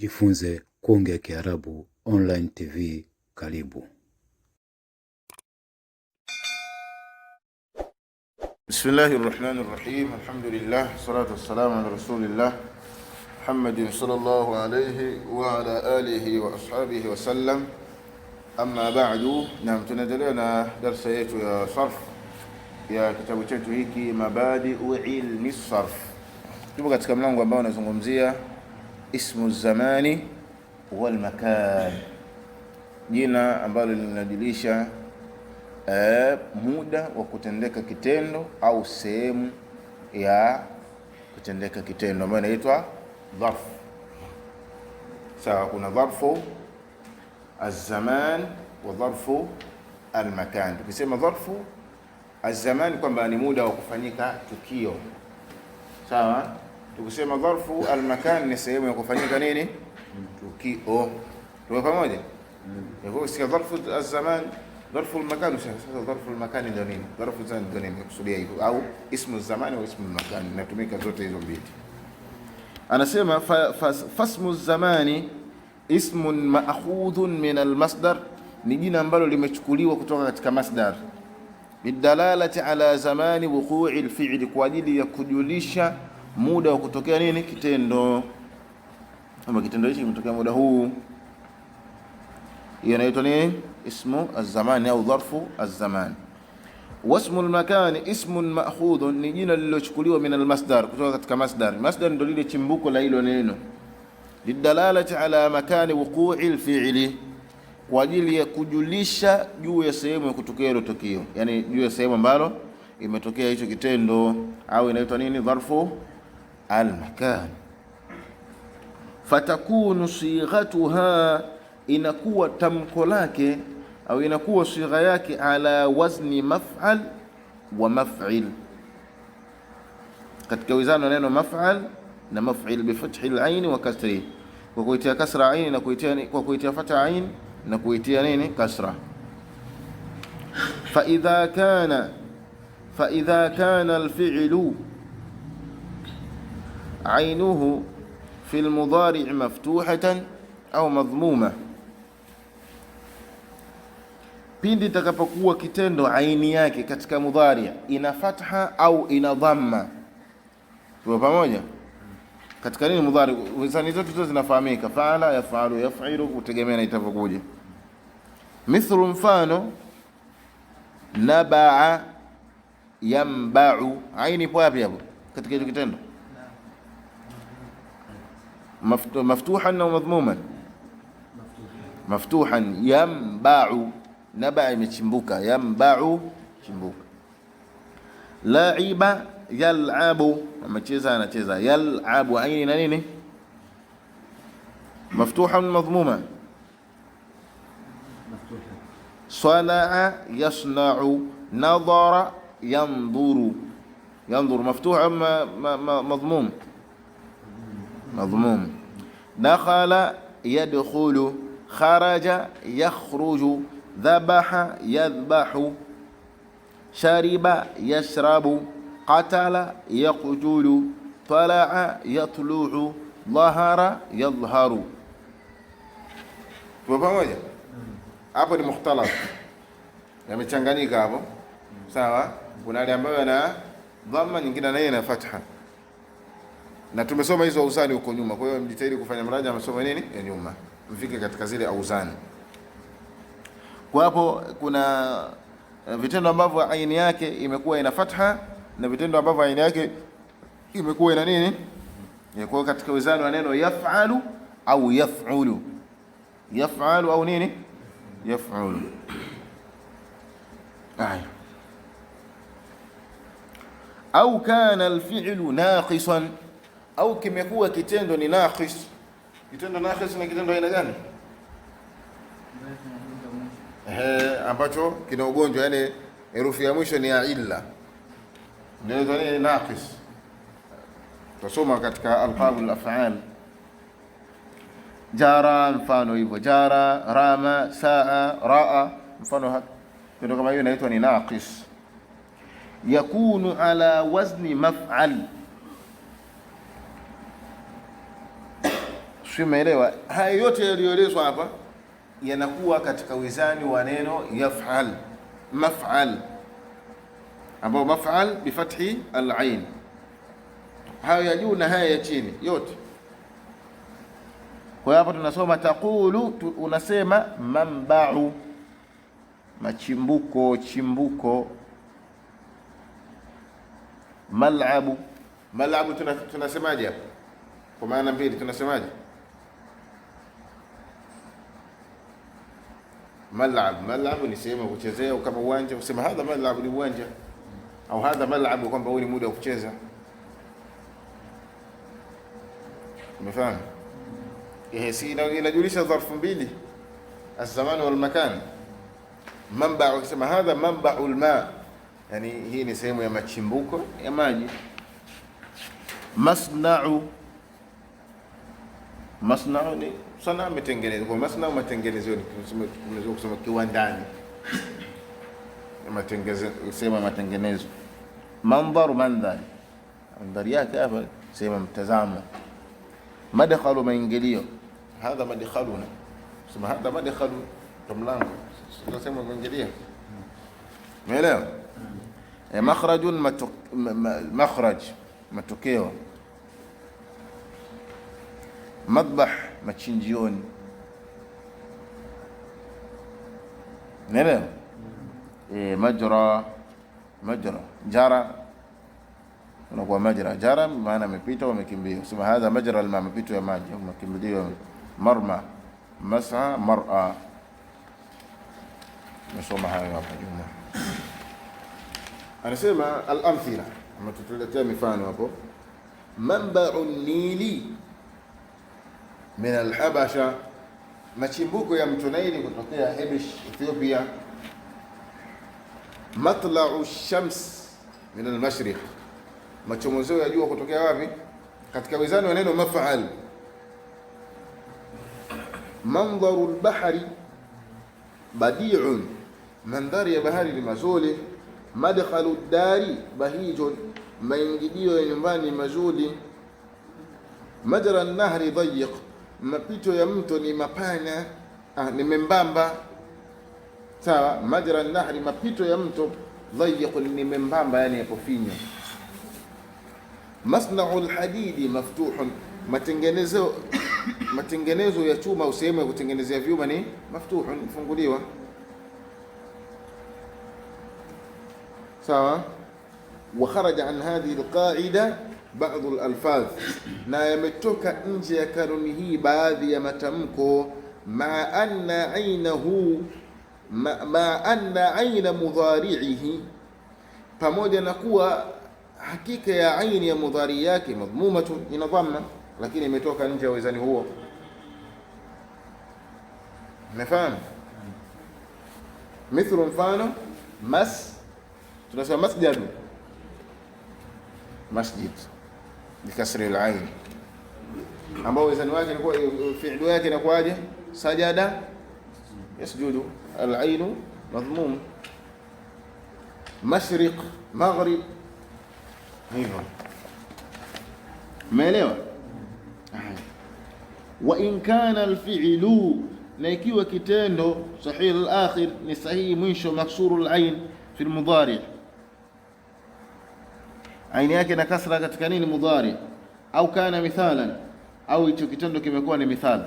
Jifunze kuongea Kiarabu online tv karibu. Bismillahi rahmani rahim, alhamdulillah salatu wassalamu ala rasulillah Muhammadin sallallahu alayhi wa ala alihi wa ashabihi sallam. amma ba'du. nam tunaendelea na darsa yetu ya sarf ya kitabu chetu hiki Mabadiu ilmi sarf. Tupo katika mlango ambao unazungumzia ismu zamani wal makan, jina ambalo linajulisha eh, muda wa kutendeka kitendo au sehemu ya kutendeka kitendo ambayo inaitwa dharfu. Sawa, kuna dharfu alzaman wa dharfu almakan. Tukisema dharfu alzaman kwamba ni muda wa kufanyika tukio, sawa Tukisema dharfu almakan ni sehemu ya kufanyika nini? Tukio. Tuko pamoja? Kwa hiyo dharfu alzaman, dharfu almakan. Sasa dharfu almakan ndio nini? Dharfu zan ndio nini? Kusudia hivyo au ismu zaman au ismu almakan, natumika zote hizo mbili. Anasema fasmu zamani ismun ma'khudhun min almasdar, ni jina ambalo limechukuliwa kutoka katika masdar bidalalati ala zamani wuqu'i alfi'li, kwa ajili ya kujulisha muda wa kutokea nini kitendo, ama kitendo hicho kimetokea muda huu, hiyo inaitwa nini? Ismu azamani au dharfu azamani. Wasmu lmakani ismun ma'khudhun, ni jina lililochukuliwa min almasdar, kutoka katika masdar. Masdar ndio lile chimbuko la hilo neno, lidalalati ala makani wuqu'i lfi'li, kwa ajili ya kujulisha juu ya sehemu ya kutokea hilo tukio, yani juu ya sehemu ambalo imetokea hicho kitendo, au inaitwa nini? Dharfu almakan, fatakunu sighatuha, inakuwa tamko lake au inakuwa sigha yake ala wazni maf'al wa maf'il, katika wizano neno maf'al na maf'il bi fathi wa kasri, kwa kuitia kasra ain na kuitia kwa kuitia fatha ain na kuitia nini kasra. Fa idha kana fa idha kana al ainuhu fi lmudharii maftuhatan au madhmuma, pindi itakapokuwa kitendo aini yake katika mudhari ina fatha au ina dhamma. Tupo pamoja katika nini? Mudhari wisani zetu zote zinafahamika, faala, yafalu, yafilu, kutegemea na itavyokuja. Mithlu, mfano nabaa, yambau. Aini ipo wapi hapo katika hicho kitendo? مفتوحا او مضموما مفتوحا ينباعوا نبع مشمبوكا ينباعوا شمبوكا لعب يلعب لما تشيزا انا تشيزا يلعب عيني نيني مفتوحا مضموما صلع يصنع نظر ينظر ينظر مفتوح مضموم ما madhmum. Dakhala yadkhulu, kharaja yakhruju, dhabaha yadhbahu, shariba yashrabu, qatala yaqtulu, talaa yatlu'u, dhahara yadhharu. Tupo pamoja hapo? Ni mukhtalaf, yamechanganyika hapo. Sawa, kuna yale ambayo yana dhamma, nyingine nayo ina fatha na tumesoma hizo auzani huko nyuma. Kwa hiyo mjitahidi kufanya mraja masomo nini ya nyuma, mfike katika zile auzani. Kwa hapo kuna eh, vitendo ambavyo aini yake imekuwa ina fatha na vitendo ambavyo aini yake imekuwa ina nini. Kwa katika wizani wa neno yafalu au yafulu, yafalu au nini yafulu. Aya, au kana alfi'lu naqisan au kimekuwa kitendo ni naqis. Kitendo naqis ni kitendo aina gani? Eh, ambacho kina ugonjwa, yani herufi ya mwisho ni ya illa, ndio ni naqis. Tasoma katika alqabul af'al jara, mfano hivyo jara, rama, saa, raa, mfano hapo kitendo kama hiyo inaitwa ni naqis, yakunu ala wazni maf'al Sio, umeelewa? Haya yote yaliyoelezwa hapa yanakuwa katika wizani wa neno yaf'al, maf'al, ambao maf'al bi fathi al Hayo ya juu na haya ya chini yote. Kwa hiyo hapa tunasoma taqulu tu, unasema mambau, machimbuko, chimbuko, malabu, malabu tunasemaje? Tuna kwa maana mbili tunasemaje? malab malabu ni sehemu ya kuchezea, kama uwanja usema hadha malabu, ni uwanja au hadha malabu, kwamba huu ni muda wa kucheza. Umefahamu? Eh, si inajulisha dharfu mbili, azamani zaman wal makan. Manba ukisema hadha manbaul ma, yani hii ni sehemu ya machimbuko ya maji. masna'u Masnaa ni sanaa imetengenezwa kwa masnaa, matengenezo ni tunaweza kusema kiwandani, matengenezo sema matengenezo, mandharu mandhari, mandhari yake hapa sema mtazamo, madkhalu maingilio, hadha madkhaluna, sema hadha madkhalu mlango, tunasema maingilio, umeelewa? Mm. Eh, makhrajun, makhraj matokeo madbah machinjioni, naelewa e, eh, majra majra jara unakuwa majra jara, maana amepita, wamekimbia. Sema hadha majra alma, mapito ya maji, makimbilio. Marma masa mara, mesoma hayo hapa Juma anasema al-amthila, mifano hapo. Manbau nili min alhabasha, machimbuko ya mto Naili kutokea Hebesh, Ethiopia. Matlau shams min almashriq, machomozeo ya jua kutokea wapi? Katika wizani wa neno maf'al. Mandharu albahari badi'un, mandhari ya bahari ni mazuri. Madkhalu dari bahijun, maingilio ya nyumbani mazuri. Majra nahri dhayiq mapito ya mto ni mapana ah, ni membamba sawa. Majra nahri, mapito ya mto dhayiqun, ni membamba, yani yapofinya. Masnau lhadidi maftuhun, matengenezo matengenezo ya chuma au sehemu ya kutengenezea vyuma ni maftuhun, funguliwa. sawa. Wa kharaja an hadhihi alqaida baadhi alfaz, na yametoka nje ya kanuni hii baadhi ya matamko ma anna ainahu ma, ma anna aina mudhari'ihi, pamoja na kuwa hakika ya aini ya mudhari yake madhmumatu ina dhamma, lakini imetoka nje ya wezani huo. Umefahamu? Mithlu, mfano mas, tunasema masjid, masjid bikasri alain ambao wezani wake inakuwa fi'lu yake inakuwaje? Sajada yasjudu, alainu madhmum, mashriq maghrib, hivyo umeelewa. Wa in kana alfi'lu, na ikiwa kitendo sahih alakhir ni sahihi mwisho, maksuru alain fi almudhari' aina yake na kasra katika nini mudhari, au kana mithalan, au hicho kitendo kimekuwa ni mithal.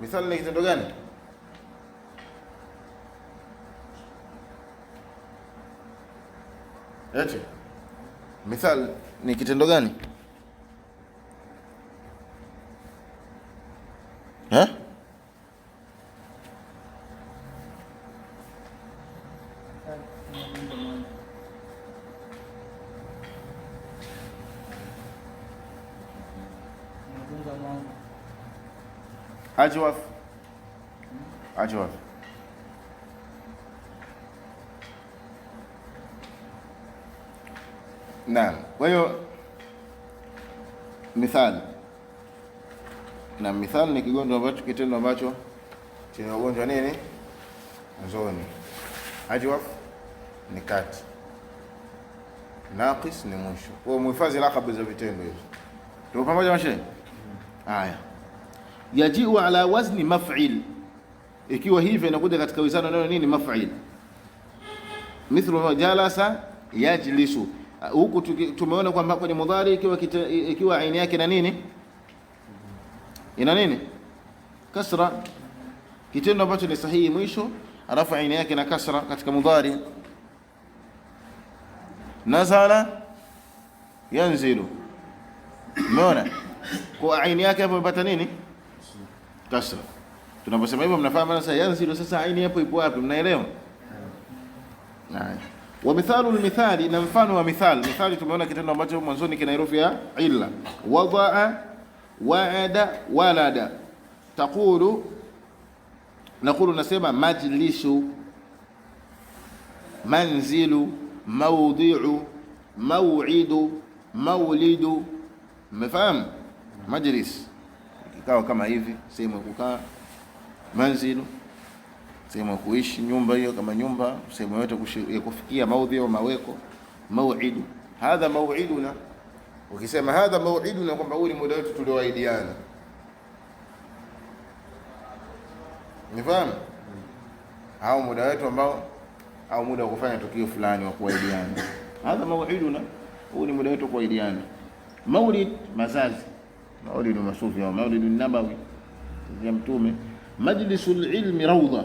Mithal ni kitendo gani? Eti mithal ni kitendo gani Eh? Ajwaf. Ajwaf. Naam. Kwa hiyo mithali na mithali ni kigonjwa ambacho kitendo ambacho chenye ugonjwa nini nzoni Ajwaf ni kati, naqis ni mwisho. Kwa hiyo muhifadhi lakabu za vitendo hizo, tuko pamoja mashe haya yajiu ala wazni maf'il, ikiwa hivyo inakuja katika wizano neno nini? Maf'il. Mithlu jalasa yajlisu, huku tumeona kwamba kwenye mudhari ikiwa ikiwa aina yake na nini ina nini kasra, kitendo ambacho ni sahihi mwisho, alafu aina yake na kasra katika mudhari. Nazala yanzilu, umeona kwa aina yake hapo imepata nini kasra. Tunaposema hivyo mnafahamu sasa yanzilu sasa aini hapo ipo wapi? Mnaelewa? Naam. Wa mithalu almithali, na mfano wa mithali. Mithali tumeona kitendo ambacho mwanzoni kina herufi ya illa. Wadaa, waada, walada. Taqulu naqulu, nasema majlisu, manzilu, mawdi'u, maw'idu, mawlidu. Mmefahamu? Majlisu ikawa kama hivi, sehemu ya kukaa manzilu, sehemu ya kuishi nyumba, hiyo kama nyumba, sehemu yote ya kufikia maudhi au maweko. Mauidu hadha mauiduna, ukisema hadha mauiduna, kwamba huu ni muda wetu tulioahidiana. Nifahamu au muda wetu ambao au muda wa kufanya tukio fulani wa kuahidiana. Hadha mauiduna, huu ni muda wetu kuahidiana. Maulid, mazazi Maulidu Masufi au Maulidu Nabawi ya Mtume. majlisu ilmi raudha,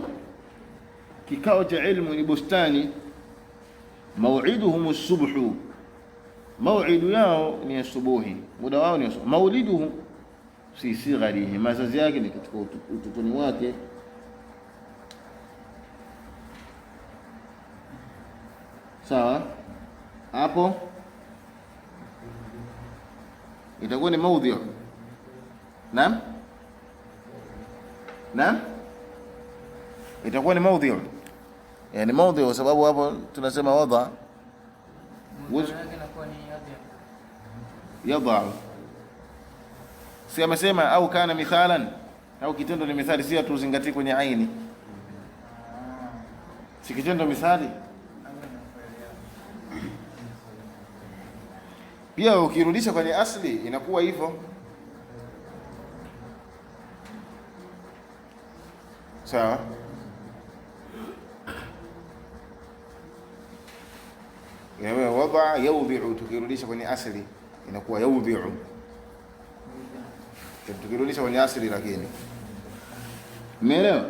kikao cha ilmu ni bustani. Mauiduhum subhu, mauidu yao ni asubuhi, muda wao ni asubuhi. Mauliduhum si sigharihi, mazazi yake ni katika utotoni wake. Sawa, hapo itakuwa ni maudhi Naam, naam, itakuwa ni maudhi, yani e, maudhi, kwa sababu hapo tunasema wadha yadha, si amesema au kana mithalan, au kitendo ni mithali, si tuzingatie kwenye aini, si kitendo mithali. Pia ukirudisha kwenye asli inakuwa hivyo. sawa inawe wadaa yaudhiu, tukirudisha kwenye asili inakuwa yaudhiu, tukirudisha kwenye asili lakini, umeelewa?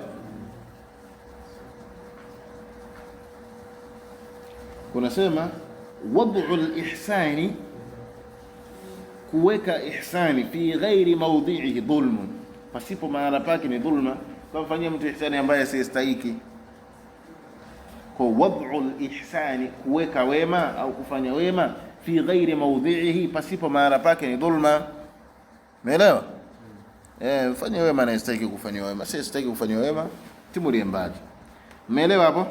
Kunasema wad'u al kuweka ihsani fi ghairi mawdhi'ihi dhulmun, pasipo mahala pake ni dhulma Kamfanyia mtu ihsani ambaye asiyestahiki. Kwa wad'u ihsani, kuweka wema au kufanya wema fi ghairi maudhi'ihi, pasipo mahala pake ni dhulma. Umeelewa? Hmm. Eh, fanya wema anayestahiki kufanywa wema, si stahiki kufanywa wema, timulie mbali. Umeelewa hapo? Hmm.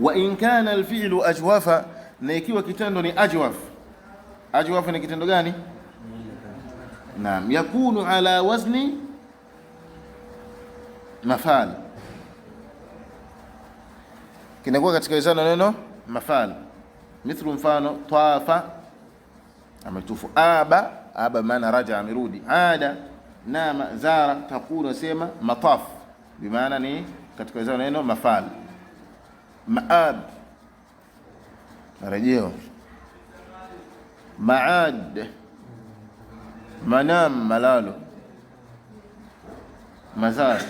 Wa in kana alfi'lu ajwafa, na ikiwa kitendo ni ajwaf. Ajwaf ni kitendo gani? Hmm. Naam, yakunu ala wazni mafal kinakuwa katika wizana neno mafal, mithlu mfano tafa ametufu, aba aba maana raja amerudi, ada nama zara, taqulu nasema mataf bimaana ni katika wizana neno mafal, maab marejeo, maad manam malalo, mazar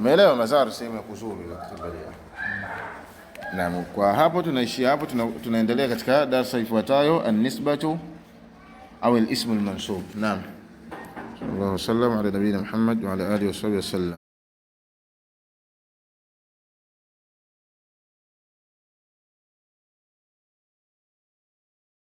Umeelewa? Mazar sehemu ya kuzuru ya kutembelea. Na kwa hapo tunaishia hapo, tuna, tunaendelea katika darasa ifuatayo an-nisbatu au al-ismu al-mansub. Naam. Allahu sallam ala nabiyina Muhammad wa ala alihi wa sahbihi wasallam.